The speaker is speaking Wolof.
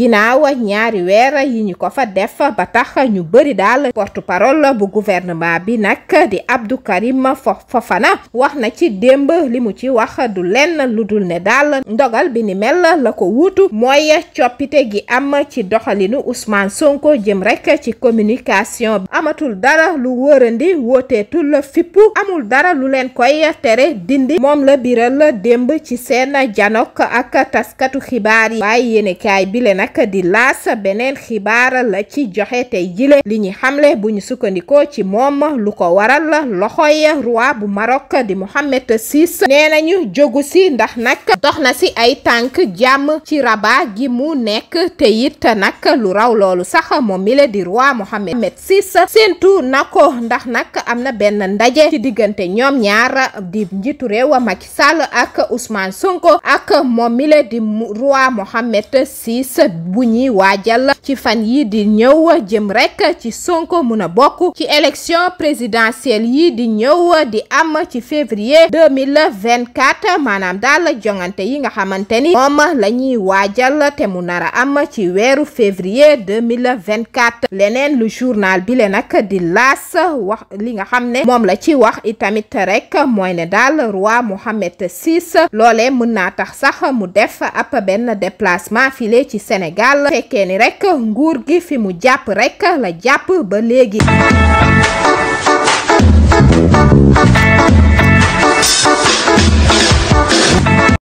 ginnaaw ñaari weer yi ñu ko fa def ba tax ñu bëri daal porte parole bu gouvernement bi nag di Abdou Karim Fofana wax na ci démb li mu ci wax du lenn lu dul ne daal ndogal bi ni mel la ko wuutu mooy coppite gi am ci doxalinu Ousmane ko jëm rek ci communication amatul dara lu wërandi wooteetul fippu amul dara lu leen koy tere dindi moom la biral démb ci seen janok ak taskatu xibaar yi waaye yéene kaay bile nag nag di laas beneen xibaar la ci joxe tey jile li ñuy xamle bu ñu sukkandikoo ci moom lu ko waral loxoy roi bu Maroc di Mohammed VI nee nañu jógu si ndax nag dox na si ay tànk jàmm ci rabaa gi mu nekk te it nag lu raw loolu sax moom mi le di roi Mohammed VI séentu na ko ndax nag am na benn ndaje ci diggante ñoom ñaar di njiitu réew Macky ak Ousmane Sonko ak moom di roi Mohammed VI bu ñuy waajal ci fan yi di ñëw jëm rek ci Sonko mun a bokk ci élection présidentielle yi di ñëw di am ci février 2024 maanaam daal jongante yi nga xamante ni moom la ñuy waajal te mu nar a am ci weeru février 2024 leneen lu journal bi le nag di laas wax li nga xam ne moom la ci wax itamit rek mooy ne daal roi Mohammed VI loole mën naa tax sax mu def ab benn déplacement filé ci Sénégal Sénégal fekkee ni rek nguur gi fi mu jàpp rek la jàpp ba léegi